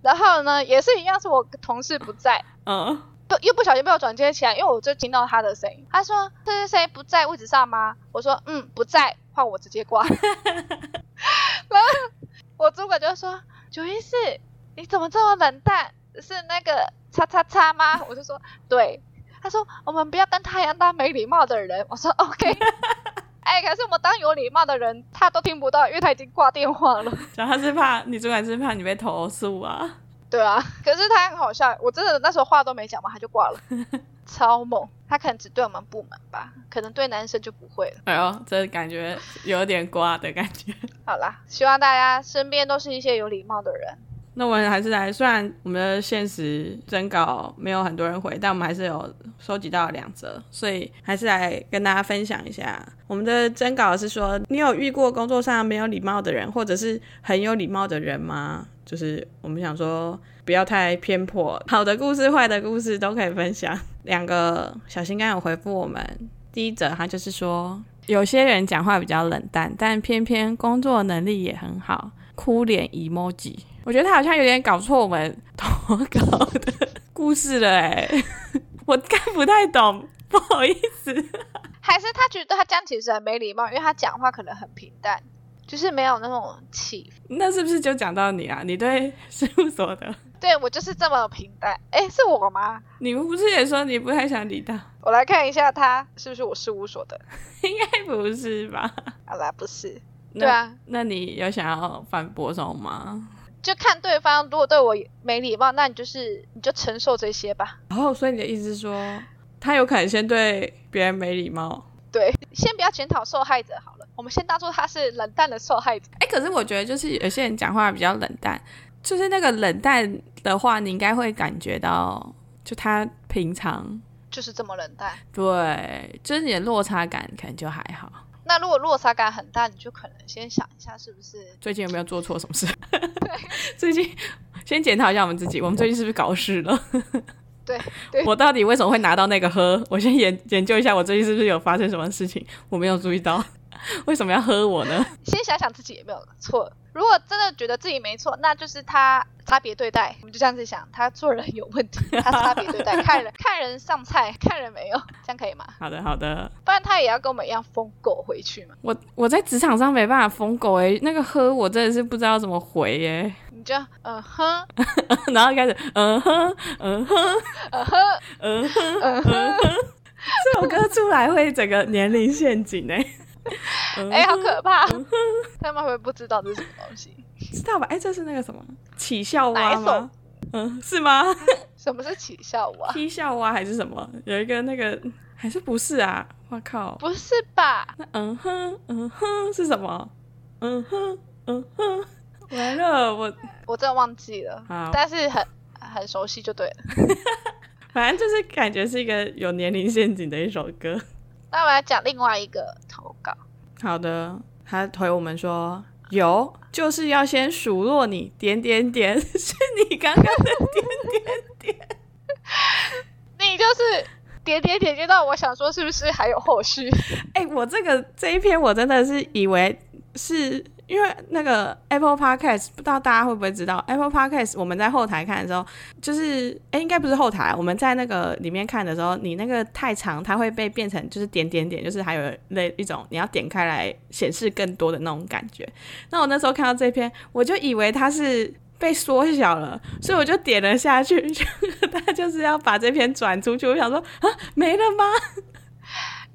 然後呢也是一樣是我同事不在，嗯。不，又不小心被我轉接起來，因為我就聽到他的聲音。他說：“是誰不在位置上嗎？”我說：“嗯，不在。”換我直接掛。 *laughs* 然後我主管就說：“九一四，你怎麼這麼冷淡？是那個叉叉叉嗎？”我就說：“對。”他說：“我們不要跟太陽當沒禮貌的人。”我說：“OK。”哎，可是我們當有禮貌的人，他都聽不到，因為他已經掛電話了。他是怕，你主管是怕你被投訴啊。對啊，可是他很好笑，我真的那時候話都沒講嘛，他就掛了，超猛。他可能只對我們部門吧，可能對男生就不會了。哎呦，這感覺有點瓜的感覺。 *laughs* 好啦，希望大家身邊都是一些有禮貌的人。那我們還是來，雖然我們的現實徵稿沒有很多人回，但我們還是有收集到兩則，所以還是來跟大家分享一下，我們的徵稿是說：你有遇過工作上沒有禮貌的人，或者是很有禮貌的人嗎？就是我們想說，不要太偏頗，好的故事、壞的故事都可以分享。兩個小心肝有回復我們，第一者，他就是說，有些人講話比較冷淡，但偏偏工作能力也很好。哭臉 emoji。我覺得他好像有點搞錯我們投稿的故事了，哎，我看不太懂，不好意思。還是他覺得他這樣其實很沒禮貌，因為他講話可能很平淡。就是沒有那種氣。那是不是就講到你啊？你對事務所的？對，我就是這麼平淡。哎、欸，是我嗎？你們不是也說你不太想理他？我來看一下他是不是我事務所的？ *laughs* 應該不是吧？好、啊、啦，不是。那對啊。那你有想要反駁什麼嗎？就看對方，如果對我沒禮貌，那你就是你就承受這些吧。然後、哦，所以你的意思是說，他有可能先對別人沒禮貌？對，先不要檢討受害者好了。我們先當做他是冷淡的受害者。哎、欸，可是我覺得就是有些人講話比較冷淡，就是那個冷淡的話，你應該會感覺到，就他平常就是這麼冷淡。對，就是你的落差感可能就還好。那如果落差感很大，你就可能先想一下，是不是最近有沒有做錯什麼事？對 *laughs* 最近先檢討一下我們自己，我們最近是不是搞事了？ *laughs* 對，對我到底為什麼會拿到那個喝？我先研研究一下，我最近是不是有發生什麼事情？我沒有注意到。為什麼要喝我呢？先想想自己有沒有錯。如果真的覺得自己沒錯，那就是他差別對待。我們就這樣子想，他做人有問題，他差別對待， *laughs* 看人看人上菜，看人沒有，這樣可以嗎？好的，好的。不然他也要跟我們一樣瘋狗回去嘛？我我在職場上沒辦法瘋狗誒、欸。那個喝我真的是不知道怎麼回誒、欸。你就嗯哼， *laughs* 然後開始嗯哼嗯哼嗯哼嗯哼嗯哼，這首歌出來會整個年齡陷阱誒、欸。哎、 *laughs* 欸，好可怕！嗯、哼他們會不知道這是什麼東西？知道吧？哎、欸，這是那個什麼起笑蛙嗎？嗯，是嗎？什麼是起笑蛙？踢笑蛙還是什麼？有一個那個還是不是啊？我靠！不是吧？那嗯哼嗯哼是什麼？嗯哼嗯哼完了，我我真的忘記了，好但是很很熟悉就對了。反正 *laughs* 就是感覺是一個有年齡陷阱的一首歌。那我們來講另外一個。好的，他回我們說有，就是要先數落你點點點，是你剛剛的點點點， *laughs* 你就是點點點，接到我想說是不是還有後續？哎、欸，我這個這一篇我真的是以為是。因為那個 Apple Podcast 不知道大家會不會知道 Apple Podcast 我們在後台看的時候，就是哎、欸，應該不是後台，我們在那個裡面看的時候，你那個太長，它會被變成就是點點點，就是還有那一種你要點開來顯示更多的那種感覺。那我那時候看到這篇，我就以為它是被縮小了，所以我就點了下去，就他就是要把這篇轉出去。我想說啊，沒了嗎？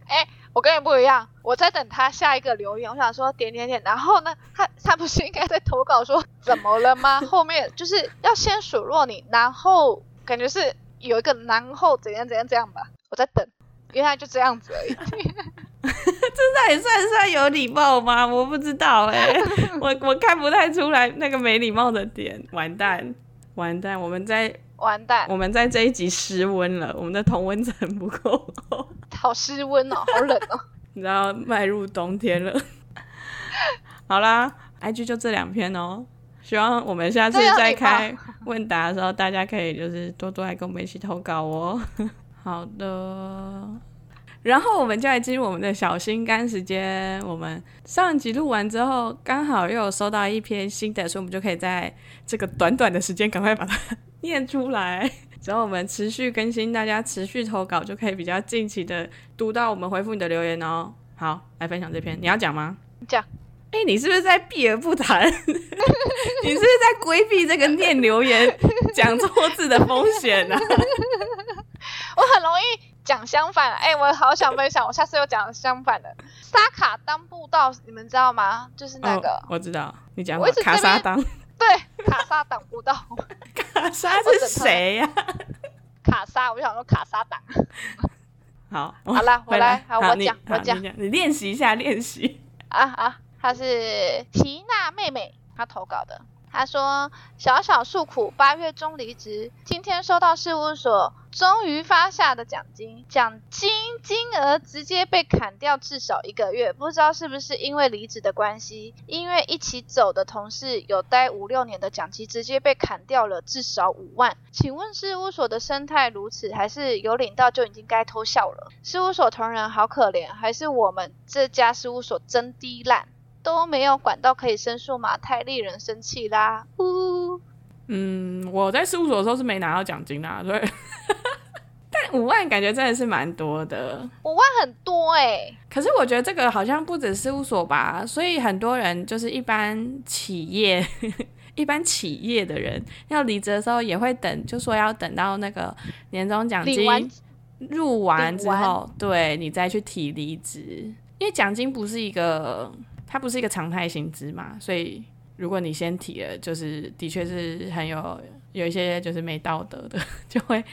哎、欸。我跟你不一樣，我在等他下一個留言。我想說點點點，然後呢？他他不是應該在投稿說怎麼了嗎？後面就是要先數落你，然後感覺是有一個然後怎樣怎樣、怎樣這樣吧。我在等，原來就這樣子而已。 *laughs* *laughs* 這算也算有禮貌嗎？我不知道哎、欸，我我看不太出來那個沒禮貌的點。完蛋，完蛋，我們在。完蛋！我們在這一集失溫了，我們的同溫層不夠哦。好失溫哦，好冷哦！ *laughs* 你知道，邁入冬天了。 *laughs* 好啦，IG 就這兩篇哦。希望我們下次再開問答的時候，大家可以就是多多來跟我們一起投稿哦。 *laughs* 好的。然後我們就來進入我們的小心肝時間。我們上一集錄完之後，剛好又有收到一篇新的，所以我們就可以在這個短短的時間趕快把它。念出來，只要我們持續更新，大家持續投稿，就可以比較近期的讀到我們回復你的留言哦。好，來分享這篇，你要講嗎？講講。哎、欸，你是不是在避而不談？ *laughs* 你是不是在規避這個念留言講錯 *laughs* 字的風險呢、啊？我很容易講相反、啊。哎、欸，我好想分享，我下次又講相反的。沙卡當步道，你們知道嗎？就是那個、哦、我知道，你講過卡沙當，對，卡沙擋步道。 *laughs* 他是誰呀、啊？卡莎，我就想說卡莎打。 *laughs* 好，我好了，我來，來好，我講，我講，你練習一下，練習啊啊！她是齊娜妹妹，她投稿的。他說：“小小訴苦，八月中離職，今天收到事務所終於發下的獎金，獎金金額直接被砍掉至少一個月，不知道是不是因為離職的關係？因為一起走的同事有待五六年的獎金直接被砍掉了至少五萬，請問事務所的生態如此，還是有領到就已經該偷笑了？事務所同仁好可憐，還是我們這家事務所真低爛？”都沒有管道，可以申訴嘛，太令人生氣啦！呼呼嗯，我在事務所的時候是沒拿到獎金啦，對。 *laughs* 但五萬感覺真的是蠻多的，五萬很多哎、欸。可是我覺得這個好像不止事務所吧，所以很多人就是一般企業， *laughs* 一般企業的人要離職的時候也會等，就說要等到那個年終獎金入完之後，完對，你再去提離職，因為獎金不是一個。它不是一個常態薪資嘛，所以如果你先提了，就是的確是很有有一些就是沒道德的，就會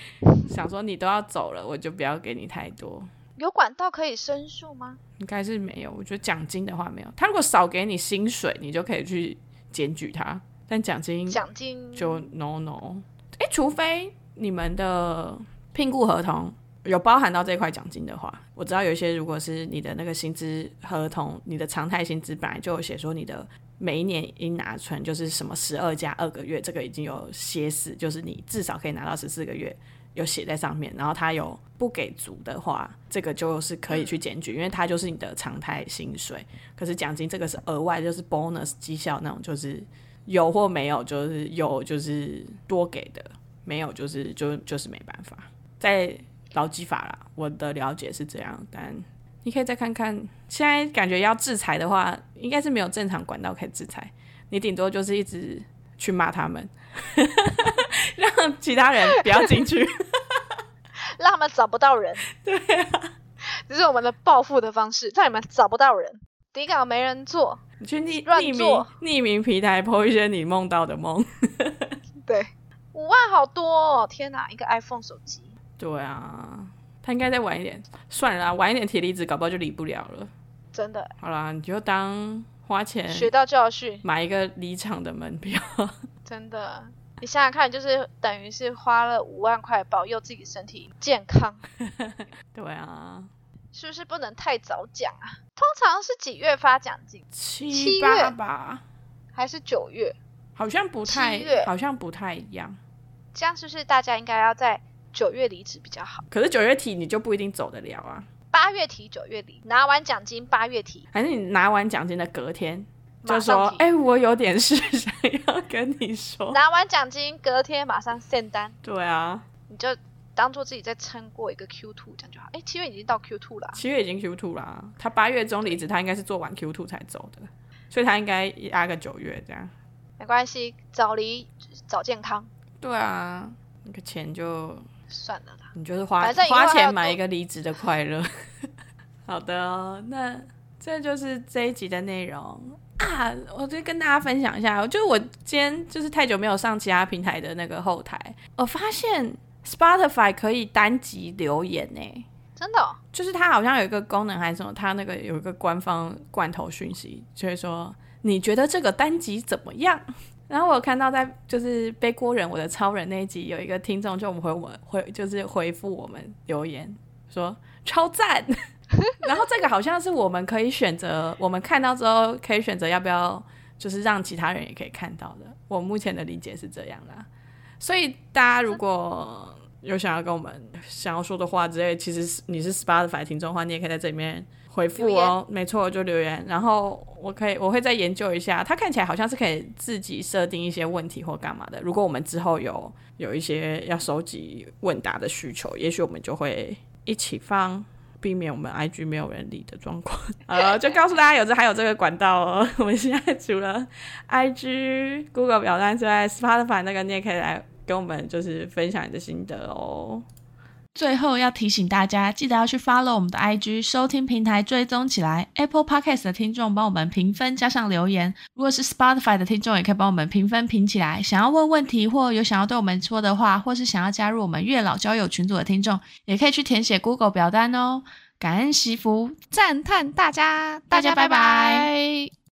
想說你都要走了，我就不要給你太多。有管道可以申訴嗎？應該是沒有，我覺得獎金的話沒有。他如果少給你薪水，你就可以去檢舉他。但獎金獎金就 no no，哎，除非你們的聘雇合同。有包含到這塊獎金的話，我知道有一些，如果是你的那個薪資合同，你的常態薪資本來就有寫說你的每一年應拿存就是什麼十二加二個月，這個已經有寫死，就是你至少可以拿到十四個月，有寫在上面。然後他有不給足的話，這個就是可以去檢舉，因為它就是你的常態薪水。可是獎金這個是額外，就是 bonus 績效那種，就是有或沒有，就是有就是多給的，沒有就是就就是沒辦法在。勞基法啦，我的了解是這樣，但你可以再看看。現在感覺要制裁的話，應該是沒有正常管道可以制裁。你頂多就是一直去罵他們， *laughs* *laughs* 讓其他人不要進去， *laughs* *laughs* 讓他們找不到人。對、啊，這是我們的報復的方式，讓你們找不到人。底稿沒人做，你去匿亂做匿名平台，剖一些你夢到的夢。 *laughs* 對，五萬好多、哦，天哪、啊！一個 iPhone 手機。對啊，他應該再晚一點。算了，晚一點鐵離子搞不好就離不了了。真的，好啦，你就當花錢學到教訓，買一個離場的門票。真的，你想想看就是等於是花了五萬塊保佑自己身體健康。 *laughs* 對啊，是不是不能太早講啊？通常是幾月發獎金？七,七月八吧，還是九月？好像不太，月好像不太一樣。這樣是不是大家應該要在？九月離職比較好，可是九月提你就不一定走得了啊。八月提，九月離，拿完獎金八月提，還是你拿完獎金的隔天就說：“哎、欸，我有點事想要跟你說。”拿完獎金隔天馬上限單。對啊，你就當做自己再撐過一個 Q two 這樣就好。哎、欸，七月已經到 Q two 了，啊，七月已經 Q two 了，啊。他八月中離職，他應該是做完 Q two 才走的，對所以他應該壓個九月這樣。沒關係，早離早健康。對啊，那個錢就。算了啦，你就是花花錢買一個離職的快樂。 *laughs* 好的、哦，那這就是這一集的內容啊！我就跟大家分享一下，就是我今天就是太久沒有上其他平台的那個後台，我發現 Spotify 可以單集留言呢、欸。真的、哦，就是它好像有一個功能還是什麼，它那個有一個官方罐頭訊息，所、就、以、是、說，你覺得這個單集怎麼樣？然後我看到在就是背鍋人我的超人那一集，有一個聽眾就回我們回就是回復我們留言說超讚。 *laughs* 然後這個好像是我們可以選擇，我們看到之後可以選擇要不要，就是讓其他人也可以看到的。我目前的理解是這樣啦。所以大家如果有想要跟我們想要說的話之類，其實你是 Spotify 聽眾的話，你也可以在這裡面。回覆哦，言沒錯，就留言。然後我可以我會再研究一下，它看起來好像是可以自己設定一些問題或幹嘛的。如果我們之後有有一些要收集問答的需求，也許我們就會一起放，避免我們 IG 沒有人理的狀況。 *laughs* 好了，就告訴大家有這還有這個管道哦。我們現在除了 IG、Google 表單之外，Spotify 那個你也可以來跟我們就是分享你的心得哦。最後要提醒大家，記得要去 follow 我們的 IG，收聽平台追蹤起來。Apple Podcast 的聽眾幫我們評分加上留言，如果是 Spotify 的聽眾，也可以幫我們評分評起來。想要問問題或有想要對我們說的話，或是想要加入我們月老交友群組的聽眾，也可以去填寫 Google 表單哦。感恩惜福，讚嘆大家，大家拜拜。